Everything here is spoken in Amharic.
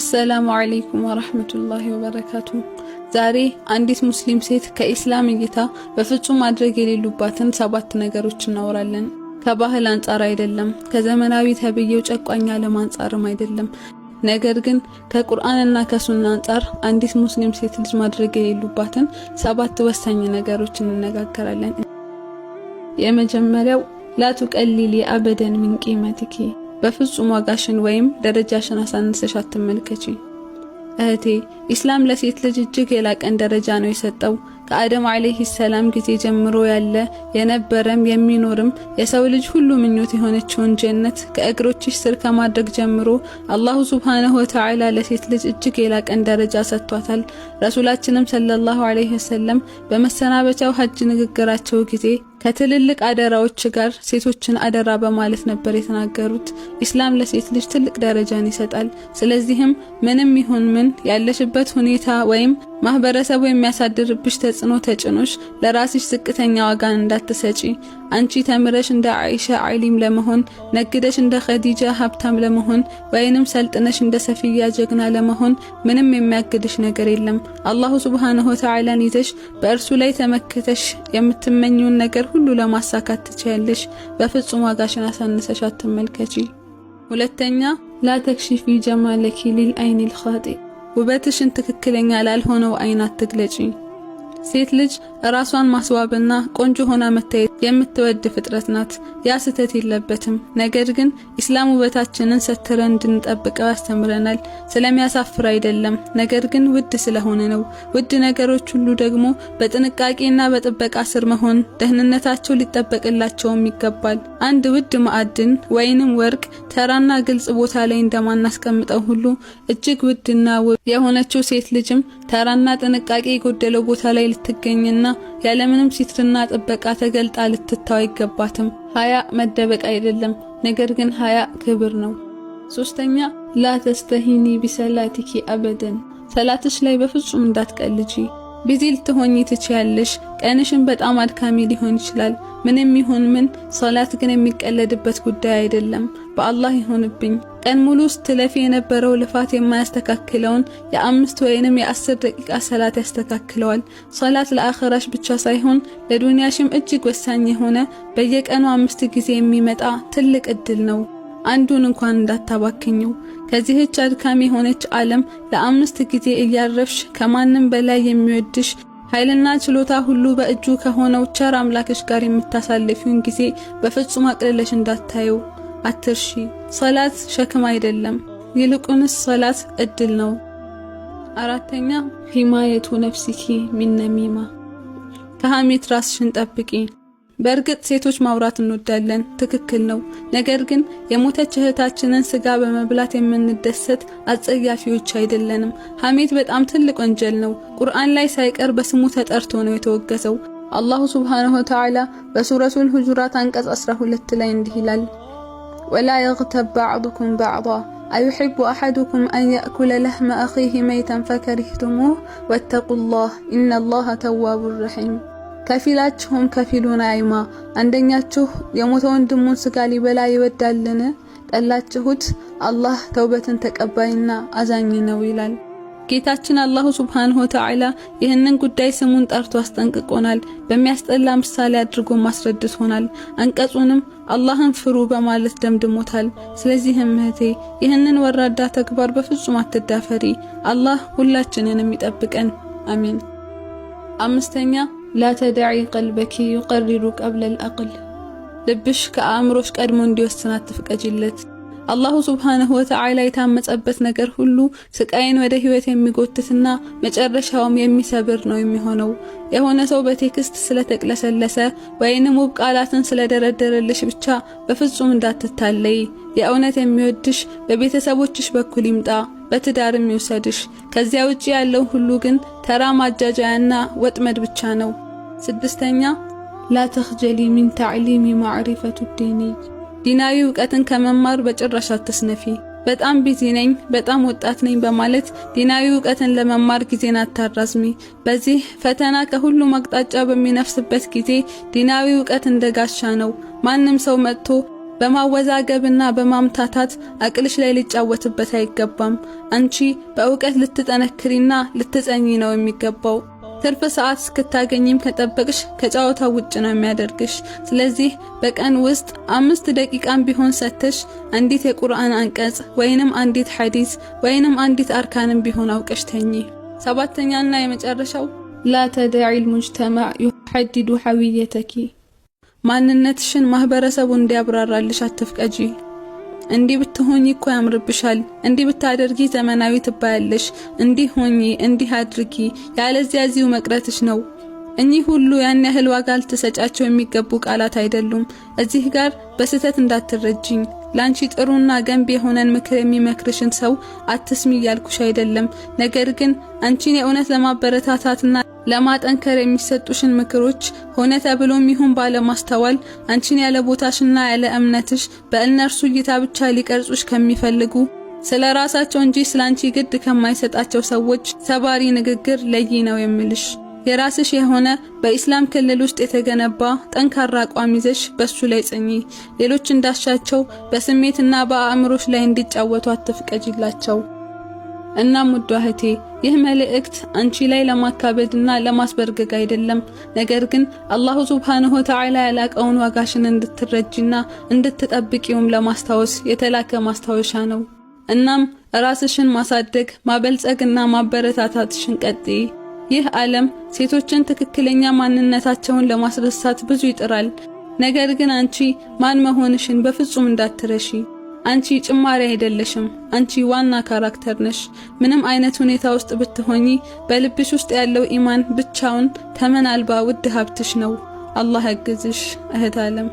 አሰላሙ አለይኩም ወራህመቱላሂ ወበረካቱ። ዛሬ አንዲት ሙስሊም ሴት ከኢስላም እይታ በፍጹም ማድረግ የሌሉባትን ሰባት ነገሮች እናወራለን። ከባህል አንጻር አይደለም፣ ከዘመናዊ ተብዬው ጨቋኝ ዓለም አንጻርም አይደለም። ነገር ግን ከቁርአንና ከሱና አንጻር አንዲት ሙስሊም ሴት ልጅ ማድረግ የሌሉባትን ሰባት ወሳኝ ነገሮች እንነጋገራለን። የመጀመሪያው ላቱቀሊሊ አበደን ሚን ቂመቲኪ በፍጹም ዋጋሽን ወይም ደረጃሽን አሳንሰሽ አትመልከቺ። እህቴ ኢስላም ለሴት ልጅ እጅግ የላቀን ደረጃ ነው የሰጠው። ከአደም ዓለይሂ ሰላም ጊዜ ጀምሮ ያለ የነበረም የሚኖርም የሰው ልጅ ሁሉ ምኞት የሆነችውን ጀነት ከእግሮችሽ ስር ከማድረግ ጀምሮ አላሁ ሱብሓነሁ ወተዓላ ለሴት ልጅ እጅግ የላቀን ደረጃ ሰጥቷታል። ረሱላችንም ሰለላሁ ዓለይሂ ወሰለም በመሰናበቻው ሀጅ ንግግራቸው ጊዜ ከትልልቅ አደራዎች ጋር ሴቶችን አደራ በማለት ነበር የተናገሩት። ኢስላም ለሴት ልጅ ትልቅ ደረጃን ይሰጣል። ስለዚህም ምንም ይሁን ምን ያለሽበት ሁኔታ ወይም ማህበረሰቡ የሚያሳድርብሽ ተጽ ተጽዕኖ ተጭኖሽ ለራስሽ ዝቅተኛ ዋጋን እንዳትሰጪ። አንቺ ተምረሽ እንደ አይሻ አይሊም ለመሆን፣ ነግደሽ እንደ ኸዲጃ ሀብታም ለመሆን፣ ወይንም ሰልጥነሽ እንደ ሰፊያ ጀግና ለመሆን ምንም የሚያግድሽ ነገር የለም። አላሁ ሱብሓነሁ ወተዓላን ይዘሽ በእርሱ ላይ ተመክተሽ የምትመኙን ነገር ሁሉ ለማሳካት ትችያለሽ። በፍጹም ዋጋሽን አሳንሰሽ አትመልከቺ። ሁለተኛ ላተክሽፊ ጀማለኪ ሊል አይኒል ውበትሽን ትክክለኛ ላልሆነው አይን አትግለጪ። ሴት ልጅ ራሷን ማስዋብና ቆንጆ ሆና መታየት የምትወድ ፍጥረት ናት። ያ ስህተት የለበትም። ነገር ግን ኢስላም ውበታችንን ሰትረን እንድንጠብቀው ያስተምረናል። ስለሚያሳፍር አይደለም፣ ነገር ግን ውድ ስለሆነ ነው። ውድ ነገሮች ሁሉ ደግሞ በጥንቃቄና በጥበቃ ስር መሆን ደህንነታቸው ሊጠበቅላቸውም ይገባል። አንድ ውድ ማዕድን ወይንም ወርቅ ተራና ግልጽ ቦታ ላይ እንደማናስቀምጠው ሁሉ እጅግ ውድና ውብ የሆነችው ሴት ልጅም ተራና ጥንቃቄ የጎደለው ቦታ ላይ ልትገኝና ያለምንም ሲትርና ጥበቃ ተገልጣ ልትታው አይገባትም። ሀያ መደበቅ አይደለም፣ ነገር ግን ሀያ ክብር ነው። ሶስተኛ ላተስተሂኒ ቢሰላቲኪ አበደን ሰላትሽ ላይ በፍጹም እንዳትቀልጂ። ቢዚ ልትሆኚ ትችያለሽ። ቀንሽን በጣም አድካሚ ሊሆን ይችላል። ምንም ይሁን ምን ሶላት ግን የሚቀለድበት ጉዳይ አይደለም። በአላህ ይሁንብኝ። ቀን ሙሉ ስትለፊ የነበረው ልፋት የማያስተካክለውን የአምስት ወይንም የአስር ደቂቃ ሰላት ያስተካክለዋል። ሶላት ለአኸራሽ ብቻ ሳይሆን ለዱንያሽም እጅግ ወሳኝ የሆነ በየቀኑ አምስት ጊዜ የሚመጣ ትልቅ እድል ነው። አንዱን እንኳን እንዳታባክኙ። ከዚህች አድካሚ የሆነች ዓለም ለአምስት ጊዜ እያረፍሽ ከማንም በላይ የሚወድሽ ኃይልና ችሎታ ሁሉ በእጁ ከሆነው ቸር አምላክሽ ጋር የምታሳልፊውን ጊዜ በፍጹም አቅልለሽ እንዳታዩ አትርሺ። ሰላት ሸክም አይደለም፣ ይልቁንስ ሰላት እድል ነው። አራተኛ ሂማየቱ ነፍሲኪ ሚነሚማ ከሐሜት ራስሽን ጠብቂ። በእርግጥ ሴቶች ማውራት እንወዳለን፣ ትክክል ነው። ነገር ግን የሞተች እህታችንን ስጋ በመብላት የምንደሰት አጸያፊዎች አይደለንም። ሐሜት በጣም ትልቅ ወንጀል ነው። ቁርአን ላይ ሳይቀር በስሙ ተጠርቶ ነው የተወገዘው። አላሁ ሱብሓነሁ ወተዓላ በሱረቱል ሁጁራት አንቀጽ 12 ላይ እንዲህ ይላል ወላ የግተብ ባዕዱኩም ባዕዳ አዩሕቡ አሐዱኩም አን ያእኩለ ለህመ አኺህ መይተን ፈከሪህቱሙህ ወተቁላህ ኢነላህ ተዋቡን ረሒም ከፊላችሁም ከፊሉን አይማ። አንደኛችሁ የሞተ ወንድሙን ስጋ ሊበላ ይወዳልን? ጠላችሁት። አላህ ተውበትን ተቀባይና አዛኝ ነው ይላል። ጌታችን አላሁ ሱብሓነሁ ወተዓላ ይህንን ጉዳይ ስሙን ጠርቶ አስጠንቅቆናል። በሚያስጠላ ምሳሌ አድርጎ አስረድቶናል። አንቀጹንም አላህን ፍሩ በማለት ደምድሞታል። ስለዚህም እህቴ ይህንን ወራዳ ተግባር በፍጹም አትዳፈሪ። አላህ ሁላችንንም ይጠብቀን። አሚን። አምስተኛ ላተዳዒ ቀልበኪ ዩቀሪሩ ቀብለል አቅል ልብሽ ከአእምሮሽ ቀድሞ እንዲወስን አትፍቀጅለት። አላሁ ሱብሓነሁ ወተዓላ የታመጸበት ነገር ሁሉ ስቃይን ወደ ህይወት የሚጎትትና መጨረሻውም የሚሰብር ነው የሚሆነው። የሆነ ሰው በቴክስት ስለተቅለሰለሰ ወይንም ውብ ቃላትን ስለደረደረልሽ ብቻ በፍጹም እንዳትታለይ። የእውነት የሚወድሽ በቤተሰቦችሽ በኩል ይምጣ። በትዳርም ይውሰድሽ። ከዚያ ውጪ ያለው ሁሉ ግን ተራ ማጃጃያና ወጥመድ ብቻ ነው። ስድስተኛ ላተኽጀሊ ሚን ታዕሊሚ ማዕሪፈቱ ዲኒ፣ ዲናዊ እውቀትን ከመማር በጭራሽ አትስነፊ። በጣም ቢዚ ነኝ፣ በጣም ወጣት ነኝ በማለት ዲናዊ እውቀትን ለመማር ጊዜን አታራዝሚ። በዚህ ፈተና ከሁሉም አቅጣጫ በሚነፍስበት ጊዜ ዲናዊ እውቀት እንደ ጋሻ ነው። ማንም ሰው መጥቶ በማወዛገብና በማምታታት አቅልሽ ላይ ሊጫወትበት አይገባም። አንቺ በእውቀት ልትጠነክሪና ልትጸኚ ነው የሚገባው። ትርፍ ሰዓት እስክታገኝም ከጠበቅሽ ከጨዋታ ውጭ ነው የሚያደርግሽ። ስለዚህ በቀን ውስጥ አምስት ደቂቃን ቢሆን ሰተሽ አንዲት የቁርአን አንቀጽ ወይንም አንዲት ሐዲስ ወይንም አንዲት አርካንም ቢሆን አውቀሽ ተኚ። ሰባተኛና የመጨረሻው ላ ተደዒ ልሙጅተማዕ ዩሐዲዱ ሐዊየተኪ ማንነትሽን ማህበረሰቡ እንዲያብራራልሽ አትፍቀጂ። እንዲህ ብትሆኚ እኮ ያምርብሻል፣ እንዲህ ብታደርጊ ዘመናዊ ትባያለሽ፣ እንዲህ ሆኚ፣ እንዲህ አድርጊ፣ ያለዚያ እዚሁ መቅረትሽ ነው። እኚህ ሁሉ ያን ያህል ዋጋ ልትሰጫቸው የሚገቡ ቃላት አይደሉም። እዚህ ጋር በስህተት እንዳትረጅኝ። ላንቺ ጥሩና ገንቢ የሆነን ምክር የሚመክርሽን ሰው አትስሚ እያልኩሽ አይደለም። ነገር ግን አንቺን የእውነት ለማበረታታትና ለማጠንከር የሚሰጡሽን ምክሮች ሆነ ተብሎም ይሁን ባለማስተዋል አንቺን ያለ ቦታሽና ያለ እምነትሽ በእነርሱ እይታ ብቻ ሊቀርጹሽ ከሚፈልጉ ስለ ራሳቸው እንጂ ስለ አንቺ ግድ ከማይሰጣቸው ሰዎች ሰባሪ ንግግር ለይ ነው የምልሽ። የራስሽ የሆነ በኢስላም ክልል ውስጥ የተገነባ ጠንካራ አቋም ይዘሽ በሱ ላይ ጽኚ። ሌሎች እንዳሻቸው በስሜትና በአእምሮሽ ላይ እንዲጫወቱ አትፍቀጅላቸው። እናም ውዷ እህቴ ይህ መልእክት አንቺ ላይ ለማካበድና ለማስበርገግ አይደለም። ነገር ግን አላሁ ሱብሓነሁ ወተዓላ ያላቀውን ዋጋሽን እንድትረጅና እንድትጠብቂውም ለማስታወስ የተላከ ማስታወሻ ነው። እናም ራስሽን ማሳደግ ማበልጸግና ማበረታታትሽን ቀጥይ። ይህ ዓለም ሴቶችን ትክክለኛ ማንነታቸውን ለማስረሳት ብዙ ይጥራል። ነገር ግን አንቺ ማን መሆንሽን በፍጹም እንዳትረሺ። አንቺ ጭማሪ አይደለሽም። አንቺ ዋና ካራክተር ነሽ። ምንም አይነት ሁኔታ ውስጥ ብትሆኚ በልብሽ ውስጥ ያለው ኢማን ብቻውን ተመን አልባ ውድ ሀብትሽ ነው። አላህ ያግዝሽ እህት ዓለም።